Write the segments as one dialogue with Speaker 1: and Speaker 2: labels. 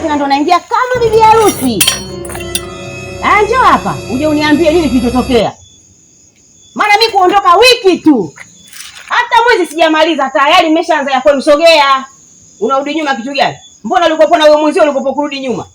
Speaker 1: tena ndo naingia kama bibi harusi. Anjo ah, hapa uje uniambie nini kilichotokea, maana mi kuondoka wiki tu, hata mwezi sijamaliza tayari nimeshaanza ya Msogea, unarudi nyuma kitu gani? Mbona ulikopo na wewe mwenzio ulikopo kurudi nyuma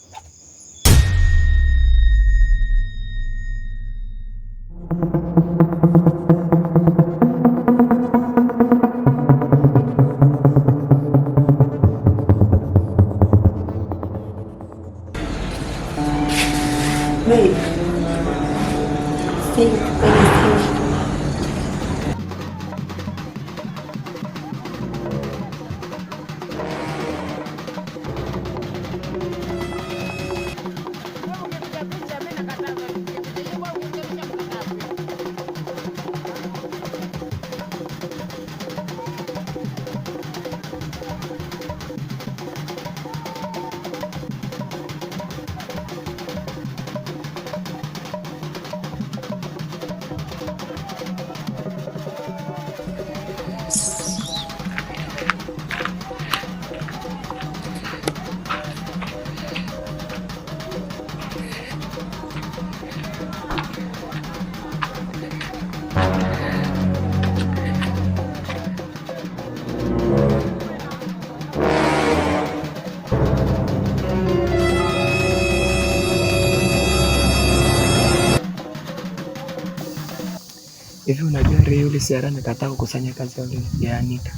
Speaker 2: Hivi unajua Ray yule Sara nikataa kukusanya kazi yule ya Anita.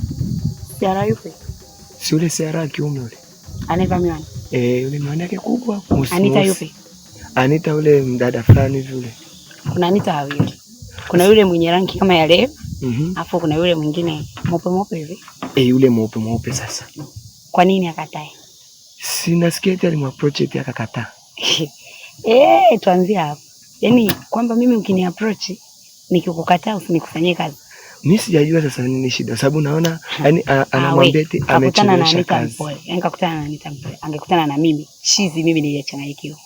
Speaker 2: Sara yupi? Si yule Sara kiume yule. Anaiva miwani. Eh, yule miwani yake kubwa.
Speaker 1: Anita yupi?
Speaker 2: Anita yule mdada fulani yule.
Speaker 1: Kuna Anita wawili. Kuna yule mwenye rangi kama ya leo. Mhm. Mm Alafu kuna yule mwingine mope mope hivi.
Speaker 2: Eh, yule mope mope sasa.
Speaker 1: Kwa nini akatae?
Speaker 2: Si nasikia eti alimapproach eti akakataa.
Speaker 1: eh, tuanzie hapo. Yaani kwamba mimi ukiniapproach nikikukataa usinikufanyie kazi.
Speaker 2: Mi sijajua sasa nini shida, sababu naona yani anamwambia ah, eti amechelewesha kazi.
Speaker 1: Yani na Anita Mpole, angekutana na mimi chizi, mimi nilichanganyikiwa,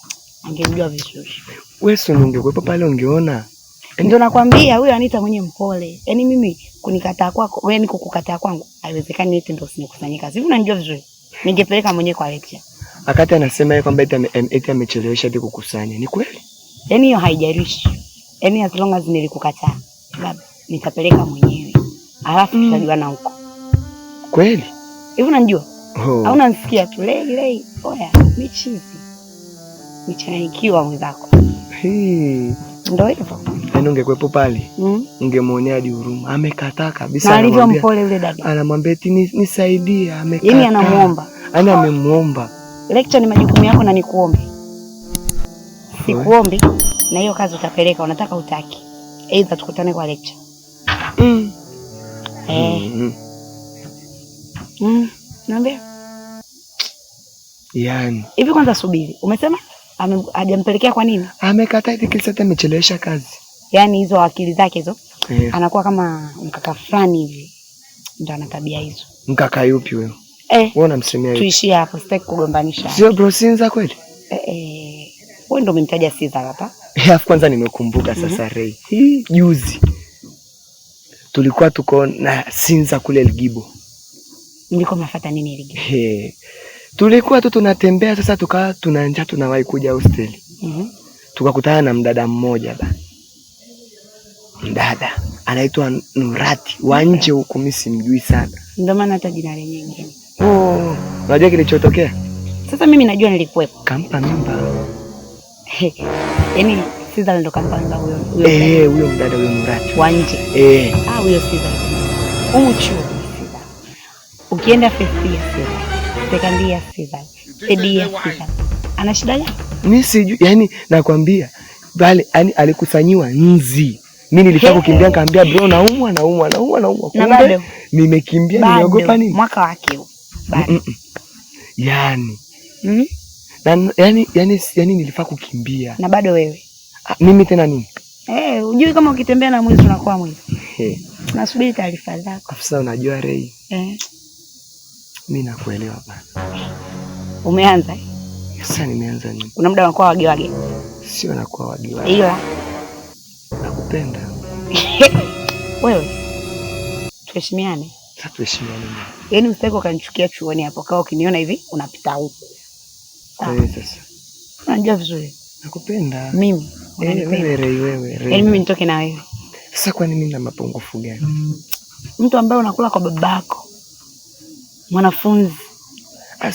Speaker 1: angemjua vizuri.
Speaker 2: Wewe si ungekuwepo pale, ungeona yaani
Speaker 1: ndio nakwambia, huyo Anita mwenye mpole. yani mimi kunikataa kwako, yani kukukataa kwangu haiwezekani, eti ndio usinikufanyie kazi. Hivi unanijua vizuri, ningepeleka mwenyewe kwa lecture.
Speaker 2: Akati anasema yeye kwamba eti amechelewesha hadi kukusanya, ni kweli?
Speaker 1: Yani hiyo haijalishi Yaani as long as nilikukataa, baba, nitapeleka mwenyewe. Alafu mm. tutajuana huko. Kweli? Hivi unanijua? Oh. Au unanisikia tu lei lei. Oya, michizi. Nichanikiwa mwenzako.
Speaker 2: ndo Ndio hivyo. Yaani ungekwepo pale, mm. ungemwonea di huruma. Amekataa kabisa
Speaker 1: na alivyo mpole yule dada.
Speaker 2: Anamwambia ti nisaidie, amekataa.
Speaker 1: Yaani anamuomba.
Speaker 2: Ana yaani amemuomba.
Speaker 1: Lecture ni majukumu yako na nikuombe. Sikuombi na hiyo kazi utapeleka, unataka utaki, aidha tukutane kwa lecture. Mm. Eh. Mm-hmm. Mm. Mm. Yaani. Hivi kwanza subiri. Umesema hajampelekea kwa nini?
Speaker 2: Amekataa hivi kile sasa amechelewesha kazi.
Speaker 1: Yaani hizo akili zake hizo. Yeah. Anakuwa kama mkaka fulani hivi. Ndio ana tabia hizo.
Speaker 2: Mkaka yupi wewe? Eh. Wewe unamsemea
Speaker 1: yupi? Tuishie hapo, sitaki kugombanisha.
Speaker 2: Sio bro, sinza kweli?
Speaker 1: Eh. eh. Wewe ndio umemtaja Caesar hapa.
Speaker 2: Eh, alafu kwanza nimekumbuka sasa mhm. Ray. Hii juzi tulikuwa tuko na Sinza kule Ligibo.
Speaker 1: Mlikuwa mnafuata nini Ligibo?
Speaker 2: Hey. Eh, tulikuwa tu tunatembea sasa tukawa tuna njaa tunawahi kuja hosteli. Mhm. Mm Tukakutana na mdada mmoja ba. Mdada anaitwa Nurati wa nje huko, mimi simjui sana.
Speaker 1: Ndio maana hata jina lenyewe ngeni.
Speaker 2: Oh, unajua kilichotokea?
Speaker 1: Sasa mimi najua nilikuwepo.
Speaker 2: Kampa mimba.
Speaker 1: Yaani Siza ndo huyo
Speaker 2: huyo eh, huyo mdada huyo wa nje eh.
Speaker 1: Ah, huyo Siza Siza, ukienda first year Siza, Siza, Siza, ana shida
Speaker 2: sijui, yani nakwambia bale, yani alikusanyiwa nzi mi nilitaka kukimbia nikaambia bro naumwa naumwa naumwa naumwa. Kumbe nimekimbia nimeogopa nini?
Speaker 1: Mwaka wake huo.
Speaker 2: Bado. Mm -hmm na yani, yani, yani nilifaa kukimbia
Speaker 1: na bado wewe
Speaker 2: ah, mimi tena nini
Speaker 1: eh, hujui kama ukitembea na mwizi unakuwa mwizi hey. Nasubiri taarifa zako
Speaker 2: afisa. Unajua Rei eh, mimi nakuelewa bana. Umeanza sasa? Nimeanza nini?
Speaker 1: Kuna muda unakuwa wagewage?
Speaker 2: Sio, nakuwa wagewage, ila nakupenda
Speaker 1: wewe. Tuheshimiane tuheshimiane. Yaani usitaki ukanichukia chuoni hapo, kama ukiniona hivi unapita huko Ah. najua vizuri.
Speaker 2: Nakupenda. Mimi. Eh,
Speaker 1: yaani mimi nitoke na wewe.
Speaker 2: Sasa kwani mimi na mapungufu gani? Mm.
Speaker 1: Mtu ambaye unakula kwa babako. Mwanafunzi.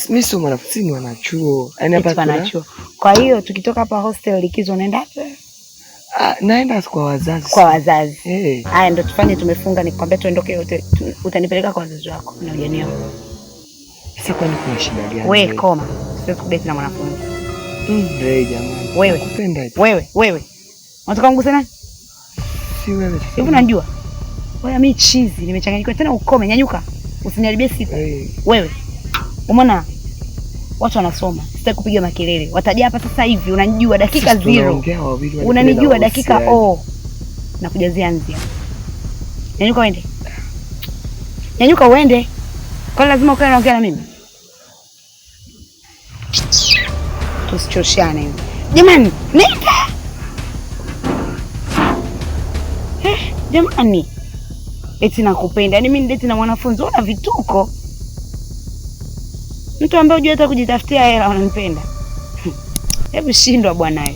Speaker 2: Mimi sio mwanafunzi, ni wanachuo. Yaani
Speaker 1: kwa hiyo tukitoka hapa hostel likizo unaenda
Speaker 2: ah, Naenda kwa wazazi.
Speaker 1: Kwa wazazi. Eh. tufanye, tumefunga nikwambia tuendoke Utanipeleka kwa wazazi wako na ujaniona.
Speaker 2: Sasa kwani kuna shida
Speaker 1: gani? koma siwezi kudate na mwanafunzi. Wewe wewe wewe, unataka nguse nani? Si wewe. Hivi unajua wewe, mimi chizi nimechanganyikiwa tena. Ukome, nyanyuka, usiniharibie siku wewe. Umeona watu wanasoma, sitaki kupiga makelele, wataja hapa sasa hivi. Unanijua dakika zero, unanijua dakika o, oh. na nakujazia nzia. Nyanyuka uende, nyanyuka uende, kwani lazima ukae unaongea na mimi? tusichoshane jamani, nenda eh, jamani, eti nakupenda. Yaani mimi ndeti na mwanafunzi, una vituko. Mtu ambaye hujui hata kujitafutia hela unampenda? Hebu shindwa bwanayo,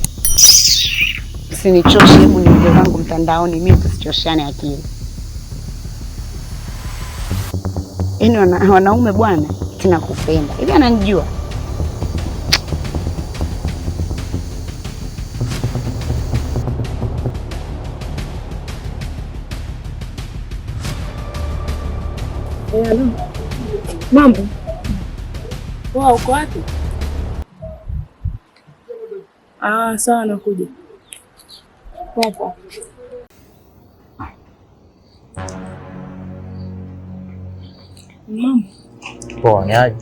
Speaker 1: usinichoshe. Hebu ni mke zangu mtandaoni, mimi tusichoshane akili. Yaani wanaume bwana, tinakupenda hivi, ananijua Mambo poa, uko wapi? Ah, sawa, nakuja hapa. Mambo
Speaker 2: poa, ni aje?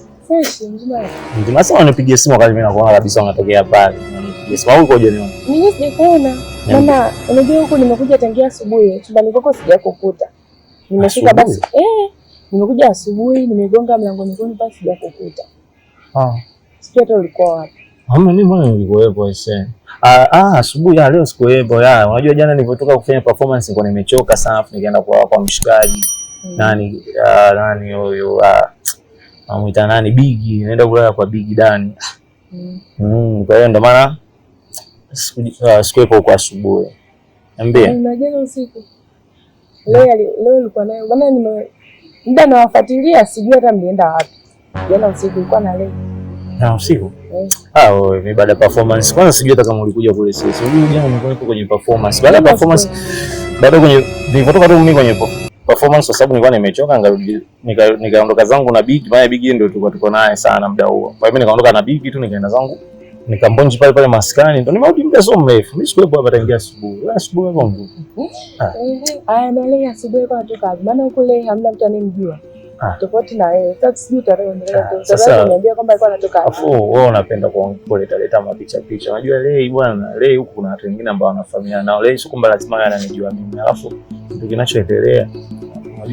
Speaker 2: Mzima sana. Nipigie simu wakati mimi nakuona kabisa unatokea pale.
Speaker 1: Mimi sijakuona. Maana unajua huko nimekuja tangia asubuhi, chumbani kwako sijakukuta. Nimeshika basi. Eh. Nimekuja asubuhi, nimegonga mlango nyingine pale sijakukuta. Ah. Sikia hata ulikuwa wapi.
Speaker 2: Hamna, ah, mimi mbona nilikuwepo ise. Ah, ah, asubuhi ya leo sikuwepo. Ya, unajua jana nilipotoka kufanya performance nilikuwa nimechoka sana, afu nikaenda kwa kwa mshikaji. Mm. Nani ah, nani huyo ah. Amuita nani Bigi, naenda kulala kwa Bigi Dani. Mm. Mm, kwa hiyo ndo maana ah, sikuwepo kwa asubuhi. Niambie.
Speaker 1: Na jana usiku. Leo leo ulikuwa nayo. Bana nime muda nawafuatilia, sijui hata mlienda wapi jana usiku. Ilikuwa na leo
Speaker 2: na usiku eh. ah, wewe baada ya performance kwanza, sijui hata kama ulikuja kule. Sisi unajua jana nilikuwa niko kwenye performance, baada performance, baada kwenye nilipotoka tu mimi kwenye performance, kwa sababu nilikuwa nimechoka, ngarudi nikaondoka zangu na Big, maana Big ndio tulikuwa tuko naye sana muda huo. Kwa hiyo mimi nikaondoka na Big tu nikaenda zangu Nikambonji pale pale maskani, ndo nimerudi muda sio mrefu. Mimi sikuwepo hapa tangia asubuhi. Wewe asubuhi kwangu. Ah, na leo asubuhi kwa tu kazi. Maana kule hamna mtu anayemjua. Ah. Tofauti na wewe. Sasa sijui tarehe ndio. Ah, sasa niambia kwamba alikuwa anatoka. Afu wewe unapenda kuleta leta mapicha picha. Unajua leo bwana, leo huku kuna watu wengine ambao wanafahamiana nao. Leo sio kwamba lazima ananijua mimi. Alafu ndio kinachoendelea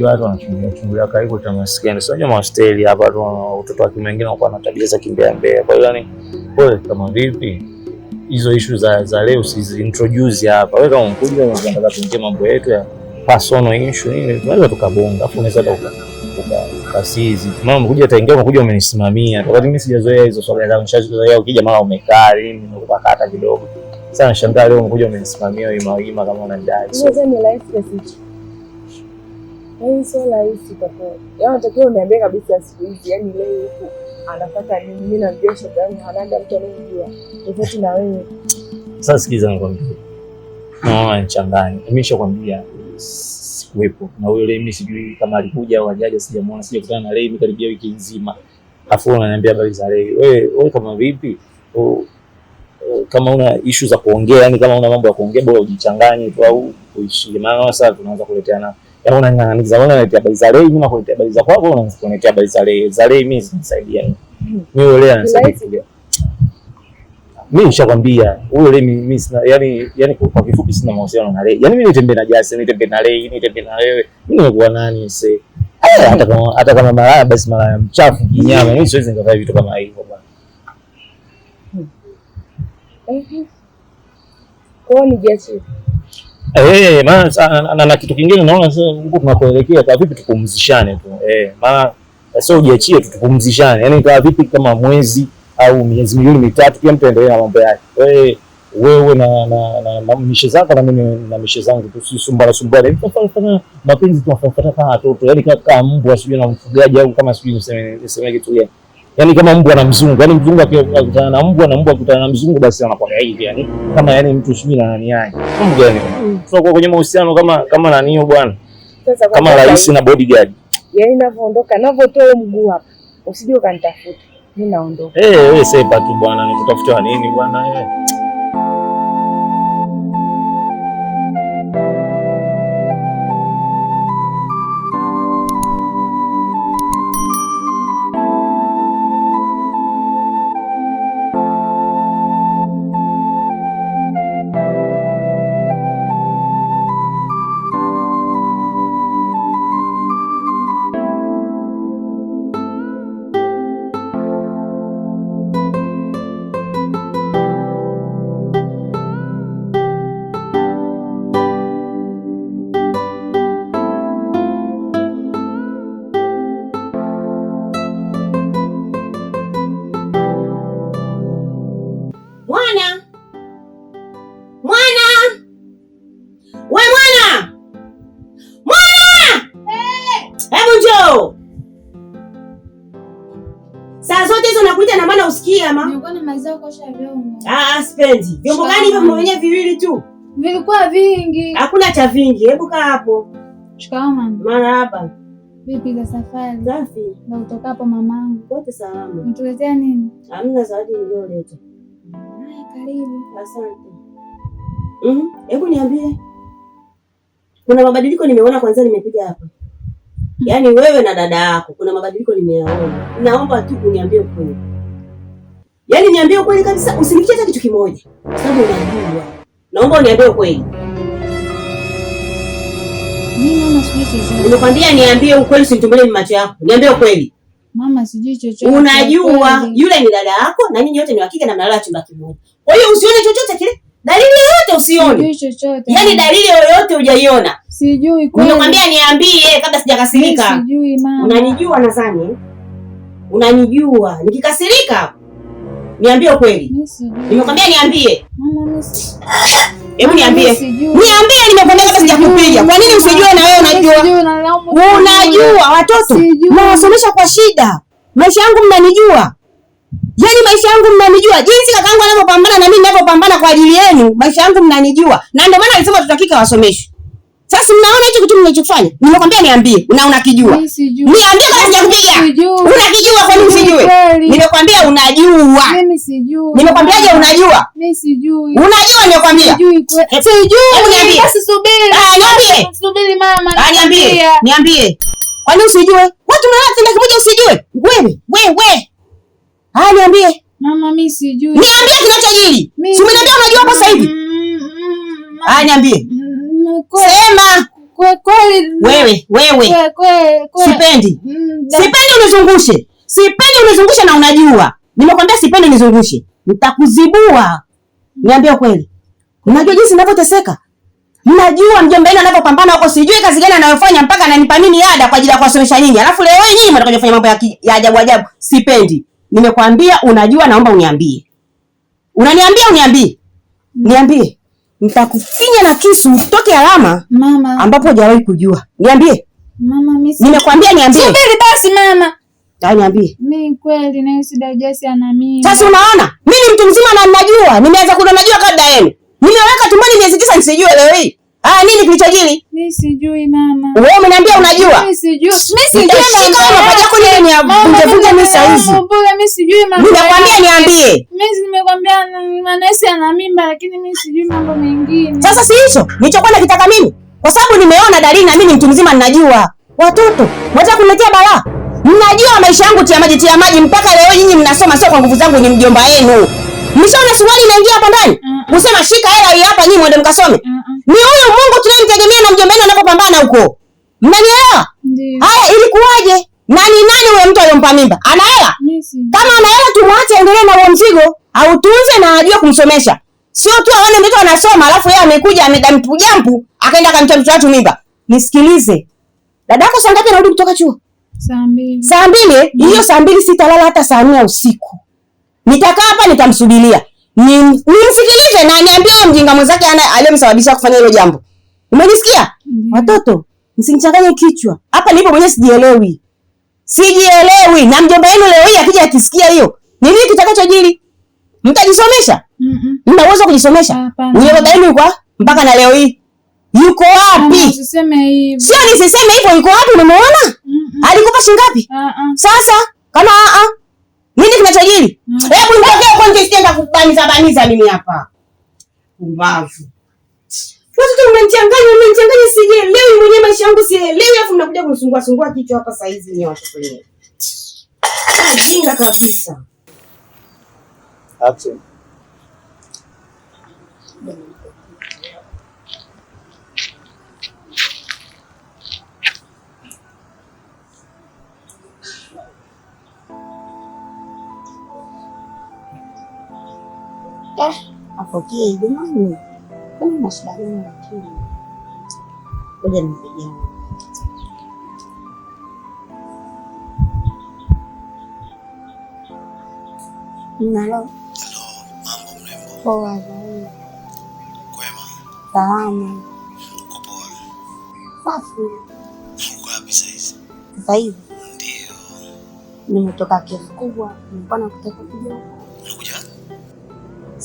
Speaker 2: unajua watu wanachungulia karibu utamaskini. Sio jamaa hosteli hapa tu, watoto wa kiume wengine wanakuwa na tabia za kimbea mbea. Kwa hiyo yani wewe kama vipi hizo issue za za leo usizi introduce hapa. Wewe kama mkuja unataka kuingia mambo yetu ya personal issue nini, tunaweza tukabonga, afu unaweza ukasizi. Mama mkuja ataingia, mkuja umenisimamia. Wakati mimi sijazoea hizo swala za mshazoea, ukija mara umekaa mimi nimekupakata kidogo. Sana shangaa leo mkuja umenisimamia wima wima kama unadai. Sasa ni life message. Yaani sio rahisi kaka. Yaani natakiwa uniambie kabisa siku hizi, yaani leo huku anapata nini? Mimi na biashara yangu hanaga mtu anayejua. Tofauti na wewe. Sasa sikiza nikwambie. Naona nichanganye. Nimeshakwambia sikuwepo. Na huyo leo sijui kama alikuja au hajaja, sijamuona, sijakutana na leo karibia wiki nzima. Afu unaniambia habari za leo. Wewe wewe kama vipi? Kama una issue za kuongea, yani kama una mambo ya kuongea bora ujichanganye tu au uishi. Maana sasa tunaanza kuleteana Yaani unanganiza wewe unaletea habari za leo, mimi nakuletea habari za kwako, unaanza kuniletea habari za leo. Za leo mimi sinisaidia. Mimi wewe leo nasaidia. Mimi nishakwambia huyo leo mimi sina yani yani kwa kifupi sina mahusiano na leo. Yaani mimi nitembee na Jasi, nitembee na leo, nitembee na wewe. Mimi nimekuwa nani sasa? Eh, hata kama hata kama malaya basi malaya mchafu kinyama, mimi siwezi nikafanya vitu kama hivyo bwana. Hmm. Mhm. Kwa hiyo ni Eh, eh, eh, maana na kitu kingine naona sasa huko tunakoelekea kwa vipi tupumzishane tu. Eh, maana eh, sio ujiachie tu tupumzishane. Yaani kwa vipi kama mwezi au miezi miwili mitatu pia mtu endelee na mambo yake. Wewe wewe na na na, mishe zako na mimi na mishe zangu tu si sumbara sumbana. Yaani Hivi tunafanya mapenzi tunafanya kama watoto. Yaani kama mbwa sijui na mfugaji au kama sijui niseme niseme kitu gani yani kama mbwa na mzungu, yani mzungu akikutana na mbwa na mbwa akikutana na mzungu, basi anakuwa hivi yani, kama yani mtu sijui na nani yake, mbwa gani mm. kwa kwenye mahusiano kama kama nani hiyo bwana, kama rais na bodyguard. Yani navyoondoka navyotoa mguu hapa, usije ukanitafuta mimi naondoka. Eh, wewe sepa tu bwana, nikutafutia nini bwana wewe? Eh? Ah, ah, sipendi. Vyombo gani hivyo mwenyewe? Viwili tu vilikuwa vingi. Hakuna cha vingi, hebu kaa hapo. Marahaba. Vipi za safari? Safi. Na utoka hapo mamangu. Wote salama. Mtuletea nini? Hamna zawadi niliyoleta. Haya, karibu. Asante. Mhm. Hebu niambie. Kuna mabadiliko nimeona kwanza nimekuja hapa. Mm. Yaani wewe na dada yako kuna mabadiliko nimeyaona. Naomba tu kuniambie ukweli. Yaani niambie ukweli kabisa, usinifiche hata kitu kimoja, sababu unajua. Naomba uniambie ukweli. Mimi niambie ukweli, usinitumbele ni macho yako. Niambie ukweli. Mama sijui chochote. Unajua yule ni dada yako na nyinyi wote ni wa kike na mnalala chumba kimoja. Kwa hiyo usione chochote kile. Dalili yoyote usione. Sijui chochote. Yaani dalili yoyote hujaiona. Sijui kweli. Nimekwambia niambie kabla sijakasirika. Sijui mama. Unanijua nadhani. Unanijua. Nikikasirika Niambie ukweli. Nimekwambia niambie. Hebu niambie. Niambie nimekwambia sasa sijakupiga. Kwa nini usijue na wewe unajua? Unajua watoto mnawasomesha kwa shida. Maisha yangu mnanijua. Yaani maisha yangu mnanijua. Jinsi kakangu anavyopambana na mimi ninavyopambana kwa ajili yenu, maisha yangu mnanijua. Na ndio maana alisema tutakika wasomeshe. Sasa mnaona hicho kitu mnachofanya? Nimekwambia niambie, una unakijua. Niambie kama sijakwambia. Unakijua kwa nini usijue? Nimekwambia unajua. Mimi sijui. Nimekwambiaje unajua? Mimi sijui. Unajua nimekwambia. Sijui. Eh, hebu niambie. Basi subiri. Ah, niambie. Subiri mama. Ah, niambie. Niambie. Kwa nini usijue? Watu mnalala kitu kimoja usijue? Wewe, wewe. wewe. Ah, niambie. Mama mimi sijui. Niambie kinachojili. Si umeniambia unajua hapo sasa hivi. Mm, mm, mm, ah, niambie. Sema Kwe kweli. wewe, wewe. Kwe, kwe, kwe. Sipendi, mm, sipendi unizungushe, sipendi unizungushe, na unajua nimekwambia sipendi unizungushe, nitakuzibua. Niambie kweli. unajua jinsi ninavyoteseka Najua mjomba wenu anavyopambana huko, sijui kazi gani anayofanya mpaka ananipa mimi ada kwa ajili ya kuwasomesha nyinyi. Alafu leo wewe nyinyi mtakuja kufanya mambo ya ajabu ajabu. Sipendi. Nimekwambia unajua, naomba uniambie. Unaniambia uniambie. Niambie nitakufinya na kisu usitoke alama mama, ambapo hujawahi kujua. Niambie mama, mimi nimekwambia, niambie. Subiri basi mama. Niambie. Mimi kweli na Yesu ana mimi. Sasa unaona? Mimi ni mtu mzima na ninajua. Nimeanza kunona najua kabla yenu. Nimeweka tumboni miezi tisa nisijue leo hii. Ah, nini kilichojili? Mimi sijui mama. Wewe umeniambia unajua? Mimi sijui. Mimi sijui mama. Mama paja kwa nini unavunja vunja mimi saizi? Mimi sijui mama. Ninakwambia niambie. Mimi nimekwambia manesi ana mimba lakini mimi sijui mambo mengine. Sasa si hicho nilichokuwa nakitaka mimi. Kwa sababu nimeona dalili na mimi mtu mzima ninajua. Watoto, mwacha kuniletea balaa. Mnajua maisha yangu tia maji tia maji mpaka leo nyinyi mnasoma sio kwa nguvu zangu ni mjomba wenu. Mshaona suruali inaingia hapa ndani? Usema shika hela hii hapa nyinyi mwende mkasome. Ni huyu Mungu tunayemtegemea na mjombeni anapopambana huko. Mmenielewa? Haya, ilikuwaje? Na ni nani huyo mtu aliyompa mimba? Ana hela? Kama ana hela tumwache endelee na huo mzigo, autunze na ajue kumsomesha. Sio tu aone mtoto anasoma alafu yeye amekuja amedampu jampu akaenda akamtoa mtoto watu mimba. Nisikilize. Dadako saa ngapi anarudi kutoka chuo? Saa mbili. Saa mbili? Mm. Hiyo saa mbili sitalala hata saa nne usiku. Nitakaa hapa nitamsubiria nimsikilize na niambie huyo mjinga mwenzake aliyemsababisha kufanya hilo jambo. Umenisikia? Mm -hmm. Watoto msinichanganye kichwa hapa nilipo mwenyewe, sijielewi, sijielewi. Na mjomba wenu leo hii akija akisikia hiyo, ni nini kitakachojili? Mtajisomesha? Mm-hmm. mna uwezo wa kujisomesha? Yule baba yenu kwa mpaka na leo hii yuko wapi? Sio nisiseme hivyo, yuko wapi? Umemwona? mm -mm. alikupa shilingi ngapi? uh -uh. Sasa kama uh -uh. Nini kinachojili? Mm. Hebu ngoja kwa nje sitaenda kubaniza baniza mimi hapa. Pumbavu. Watu mmenichanganya, mmenichanganya sijielewi mwenyewe maisha yangu sielewi afu mnakuja kunisungua sungua kichwa hapa saa hizi watu wenyewe. Kinga kabisa. Action. nipokee jamani, kama na shida gani? Lakini ngoja nimpigie nalo. Poa zaidi. Salama. Safi. Sasa hivi nimetoka kefu kubwa, nilikuwa nakutaka kuja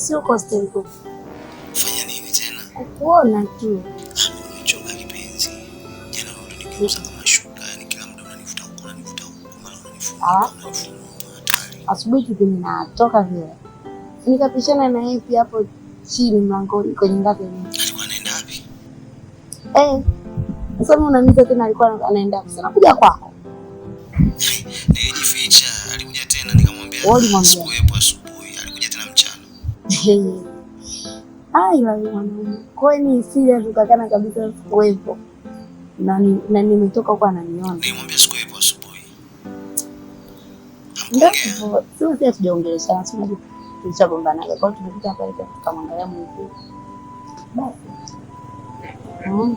Speaker 2: sio kwa stempo. Fanya nini tena? Kukuona tu. Nimechoka kipenzi. Jana ndo nikiuza kama shuka, yani kila muda unanifuta huko na nifuta huko mara unanifuta. Ah. Asubuhi kitu ninatoka vile. Nikapishana na yeye pia hapo chini mlangoni kwenye ngazi. hivi. Alikuwa anaenda wapi? Eh. Sasa unaniuliza tena alikuwa anaenda wapi? Sana kuja kwako. Nilijificha, alikuja tena nikamwambia. Wewe ulimwambia. Ai, kwani sija tukakana kabisa kuwepo na na nimetoka huko ananiona. Nimwambia siku hiyo asubuhi. Ndio, sio pia tujaongeleshana, sio najua tulishagombana kwa hiyo tumekuja hapa ili tukamwangalia Mungu. Basi. Mm.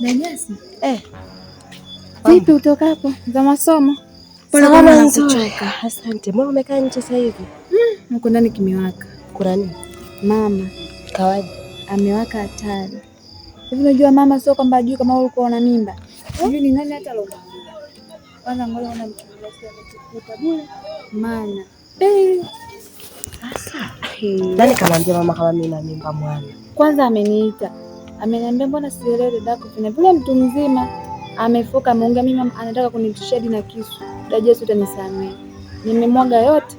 Speaker 2: na nyasi eh. Vipi utoka hapo za masomo? Salama nzuri. Asante. Mbona umekaa nje sasa hivi? Mm, mko ndani kimewaka. Kuna nini? Mama kawaje? Amewaka hatari. Hivi unajua mama sio kwamba ajui kama ulikuwa una mimba. Sijui ni nani hata leo. Kwanza ngoja una mchukua Sasa. Nani kamwambia mama kama mimi na mimba mwana? Kwanza ameniita ameniambia mbona sielewi dadako fanya vile, mtu mzima amefoka ameongea, mimi anataka kunitishia hadi na kisu. Dada Yesu utanisamehe, nimemwaga yote.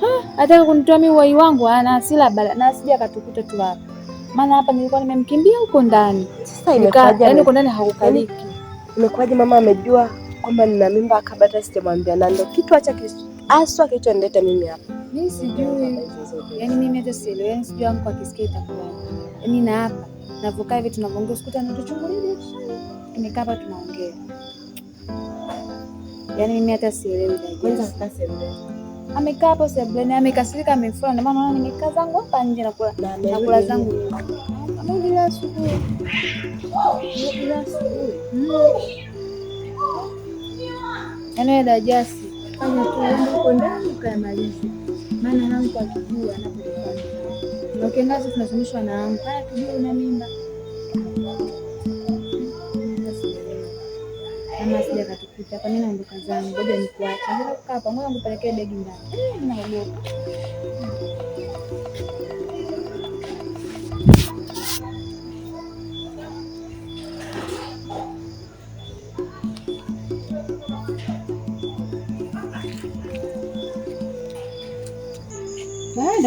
Speaker 2: ha, Anataka kunitoa mimi uhai wangu, ana hasira bala, na asija akatukuta tu hapa, maana hapa nilikuwa nimemkimbia huko ndani. Sasa imekaja yani huko ndani hakukaliki. Yaani imekuwaje mama amejua kwamba nina mimba akabata, sitamwambia na ndio kitu acha kisu aswa kichwa nileta mimi hapa Mi sijui, yaani mimi hata sielewi, yaani sijui wangu akisikia itakuwaje. Yaani na hapa navokaa hivi tunavyoongea, usikuta natuchungulia, tumekaa hapa tunaongea, yaani mimi hata sielewi. Amekaa hapo sebuleni, amekasirika, amefura, ndio maana nimekaa zangu hapa nje nakula zangu bila asubuhi yaani dajasi maana nangu akijua anapotoka na sasa, tunazungushwa na angu haya kijuu una mimba kama sija katukuta kwa nini naondoka zangu ngoja nikuache ngoja kukaa hapa ngoja nikupelekee begi ndani naogopa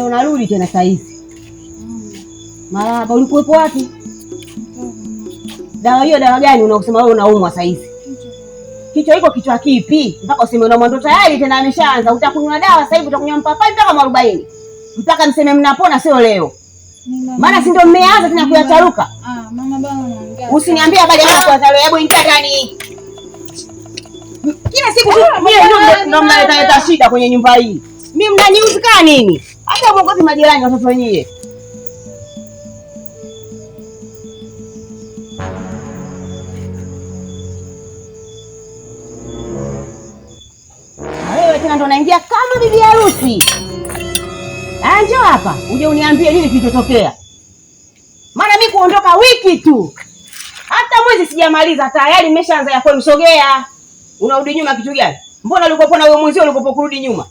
Speaker 2: unaenda unarudi tena saa hizi mara hapa ulikuwepo wapi? dawa hiyo dawa gani unaosema wewe unaumwa saa hizi? kichwa iko kichwa kipi mpaka useme una Ndo tayari tena ameshaanza, utakunywa dawa sasa hivi, utakunywa mpapai mpaka mwarobaini mpaka mseme mnapona, sio leo maana si ndio mmeanza tena kuyataruka. Usiniambie habari yako wazalo, hebu ingia ndani. Kila siku ndio mnaleta shida kwenye nyumba hii, mimi mnaniuzika nini? hata uongozi majirani watoto wenyewe wewe tena ndo unaingia kama bibi harusi. Njoo hapa uje uniambie nini kilichotokea, maana mi kuondoka wiki tu, hata mwezi sijamaliza tayari nimeshaanza ya kwenu. Sogea, unarudi nyuma kitu gani? Mbona ulikopona wewe mwenzio ulikopokurudi nyuma